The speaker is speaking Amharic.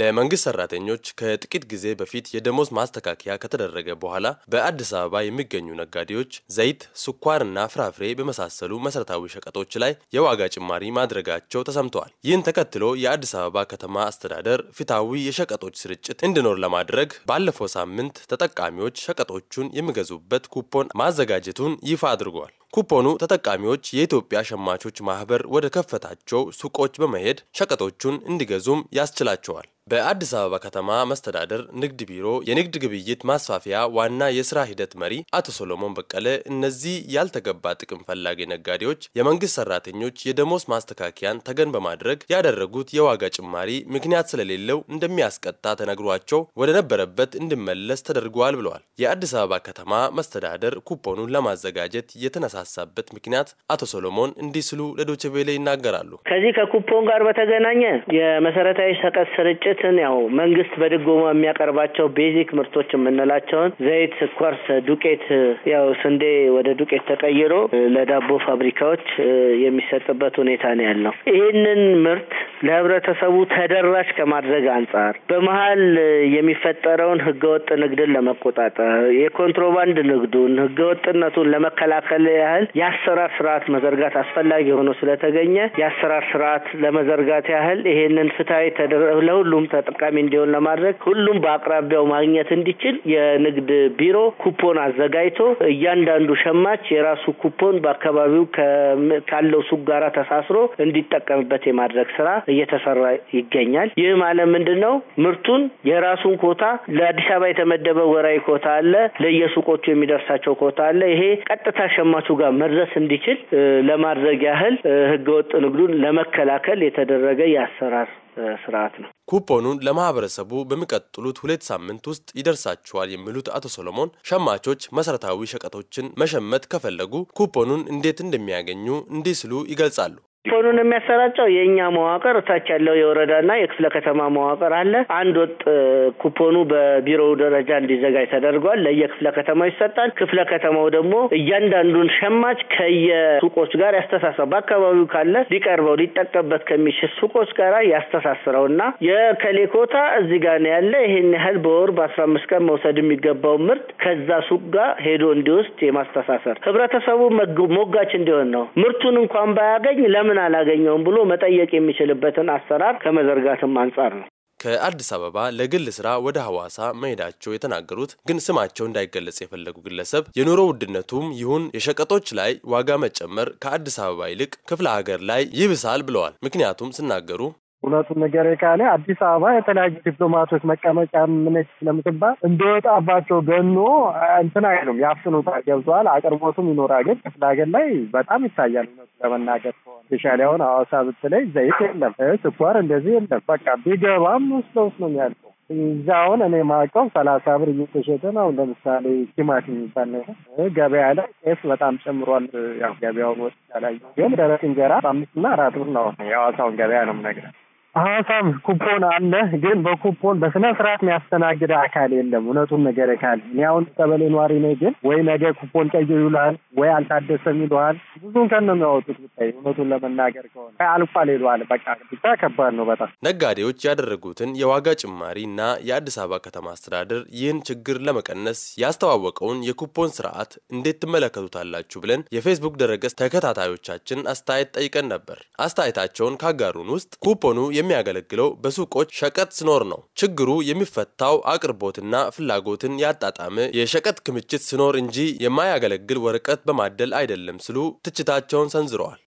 ለመንግስት ሰራተኞች ከጥቂት ጊዜ በፊት የደሞዝ ማስተካከያ ከተደረገ በኋላ በአዲስ አበባ የሚገኙ ነጋዴዎች ዘይት፣ ስኳርና ፍራፍሬ በመሳሰሉ መሰረታዊ ሸቀጦች ላይ የዋጋ ጭማሪ ማድረጋቸው ተሰምተዋል። ይህን ተከትሎ የአዲስ አበባ ከተማ አስተዳደር ፍትሐዊ የሸቀጦች ስርጭት እንዲኖር ለማድረግ ባለፈው ሳምንት ተጠቃሚዎች ሸቀጦቹን የሚገዙበት ኩፖን ማዘጋጀቱን ይፋ አድርጓል። ኩፖኑ ተጠቃሚዎች የኢትዮጵያ ሸማቾች ማህበር ወደ ከፈታቸው ሱቆች በመሄድ ሸቀጦቹን እንዲገዙም ያስችላቸዋል። በአዲስ አበባ ከተማ መስተዳደር ንግድ ቢሮ የንግድ ግብይት ማስፋፊያ ዋና የስራ ሂደት መሪ አቶ ሶሎሞን በቀለ እነዚህ ያልተገባ ጥቅም ፈላጊ ነጋዴዎች የመንግስት ሰራተኞች የደሞዝ ማስተካከያን ተገን በማድረግ ያደረጉት የዋጋ ጭማሪ ምክንያት ስለሌለው እንደሚያስቀጣ ተነግሯቸው ወደ ነበረበት እንዲመለስ ተደርገዋል ብለዋል። የአዲስ አበባ ከተማ መስተዳደር ኩፖኑን ለማዘጋጀት የተነሳሳበት ምክንያት አቶ ሶሎሞን እንዲህ ሲሉ ለዶችቬሌ ይናገራሉ። ከዚህ ከኩፖን ጋር በተገናኘ የመሰረታዊ ሰቀት ስርጭት ውጤትን ያው መንግስት በድጎማ የሚያቀርባቸው ቤዚክ ምርቶች የምንላቸውን ዘይት፣ ስኳር፣ ዱቄት ያው ስንዴ ወደ ዱቄት ተቀይሮ ለዳቦ ፋብሪካዎች የሚሰጥበት ሁኔታ ነው ያለው። ይህንን ምርት ለህብረተሰቡ ተደራሽ ከማድረግ አንጻር በመሀል የሚፈጠረውን ህገወጥ ንግድን ለመቆጣጠር የኮንትሮባንድ ንግዱን ህገወጥነቱን ለመከላከል ያህል የአሰራር ስርዓት መዘርጋት አስፈላጊ ሆኖ ስለተገኘ የአሰራር ስርዓት ለመዘርጋት ያህል ይሄንን ፍትሀዊ ለሁሉም ተጠቃሚ እንዲሆን ለማድረግ ሁሉም በአቅራቢያው ማግኘት እንዲችል የንግድ ቢሮ ኩፖን አዘጋጅቶ እያንዳንዱ ሸማች የራሱ ኩፖን በአካባቢው ካለው ሱቅ ጋራ ተሳስሮ እንዲጠቀምበት የማድረግ ስራ እየተሰራ ይገኛል። ይህ ማለት ምንድን ነው? ምርቱን የራሱን ኮታ ለአዲስ አበባ የተመደበ ወራዊ ኮታ አለ፣ ለየሱቆቹ የሚደርሳቸው ኮታ አለ። ይሄ ቀጥታ ሸማቹ ጋር መድረስ እንዲችል ለማድረግ ያህል ህገወጥ ንግዱን ለመከላከል የተደረገ የአሰራር ስርዓት ነው። ኩፖኑን ለማህበረሰቡ በሚቀጥሉት ሁለት ሳምንት ውስጥ ይደርሳቸዋል የሚሉት አቶ ሶሎሞን ሸማቾች መሰረታዊ ሸቀጦችን መሸመት ከፈለጉ ኩፖኑን እንዴት እንደሚያገኙ እንዲህ ይገልጻሉ። ፎኑን የሚያሰራጨው የእኛ መዋቅር እታች ያለው የወረዳና የክፍለ ከተማ መዋቅር አለ። አንድ ወጥ ኩፖኑ በቢሮው ደረጃ እንዲዘጋጅ ተደርጓል። ለየክፍለ ከተማው ይሰጣል። ክፍለ ከተማው ደግሞ እያንዳንዱን ሸማች ከየሱቆች ጋር ያስተሳስረው፣ በአካባቢው ካለ ሊቀርበው ሊጠቀምበት ከሚችል ሱቆች ጋር ያስተሳስረው እና የከሌ ኮታ እዚህ ጋር ነው ያለ ይሄን ያህል በወር በአስራ አምስት ቀን መውሰድ የሚገባው ምርት ከዛ ሱቅ ጋር ሄዶ እንዲወስድ የማስተሳሰር ህብረተሰቡ ሞጋች እንዲሆን ነው። ምርቱን እንኳን ባያገኝ ለምን ለምን አላገኘውም ብሎ መጠየቅ የሚችልበትን አሰራር ከመዘርጋትም አንጻር ነው። ከአዲስ አበባ ለግል ስራ ወደ ሐዋሳ መሄዳቸው የተናገሩት ግን ስማቸው እንዳይገለጽ የፈለጉ ግለሰብ የኑሮ ውድነቱም ይሁን የሸቀጦች ላይ ዋጋ መጨመር ከአዲስ አበባ ይልቅ ክፍለ ሀገር ላይ ይብሳል ብለዋል። ምክንያቱም ሲናገሩ እውነቱን ነገር ካለ አዲስ አበባ የተለያዩ ዲፕሎማቶች መቀመጫ ምነች ስለምትባል እንደወጣባቸው ገኖ እንትን አይሉም፣ ያፍኑታል። ገብተዋል። አቅርቦቱም ይኖራል። ግን ክፍለ ሀገር ላይ በጣም ይታያል። እውነቱ ለመናገር ከሆነ ስፔሻሊ አሁን ሐዋሳ ብትለይ ዘይት የለም፣ ስኳር እንደዚህ የለም። በቃ ቢገባም ውስጥ ለውስጥ ነው የሚያልቀው። እዛ አሁን እኔ ማውቀው ሰላሳ ብር እየተሸጠ ነው። ለምሳሌ ቲማቲም የሚባል ነገር ገበያ ላይ ጤፍ በጣም ጨምሯል። ያው ገበያውን ወስጃ ላይ ግን ደረቅ እንጀራ በአምስትና አራት ብር ነው። የሐዋሳውን ገበያ ነው የምነግርህ ሀሳብ ኩፖን አለ፣ ግን በኩፖን በስነ ስርዓት የሚያስተናግድ አካል የለም። እውነቱን ነገር ካል እኔ አሁን ቀበሌ ኗሪ ነኝ፣ ግን ወይ ነገ ኩፖን ቀይሩ ይላል ወይ አልታደሰም ይለዋል። ብዙም ከን ነው የሚያወጡት። ብታይ እውነቱን ለመናገር ከሆነ አልፏል ይለዋል። በቃ ብቻ ከባድ ነው በጣም። ነጋዴዎች ያደረጉትን የዋጋ ጭማሪ እና የአዲስ አበባ ከተማ አስተዳደር ይህን ችግር ለመቀነስ ያስተዋወቀውን የኩፖን ስርዓት እንዴት ትመለከቱታላችሁ ብለን የፌስቡክ ድረገጽ ተከታታዮቻችን አስተያየት ጠይቀን ነበር። አስተያየታቸውን ካጋሩን ውስጥ ኩፖኑ የሚያገለግለው በሱቆች ሸቀጥ ስኖር ነው። ችግሩ የሚፈታው አቅርቦትና ፍላጎትን ያጣጣመ የሸቀጥ ክምችት ስኖር እንጂ የማያገለግል ወረቀት በማደል አይደለም ሲሉ ትችታቸውን ሰንዝረዋል።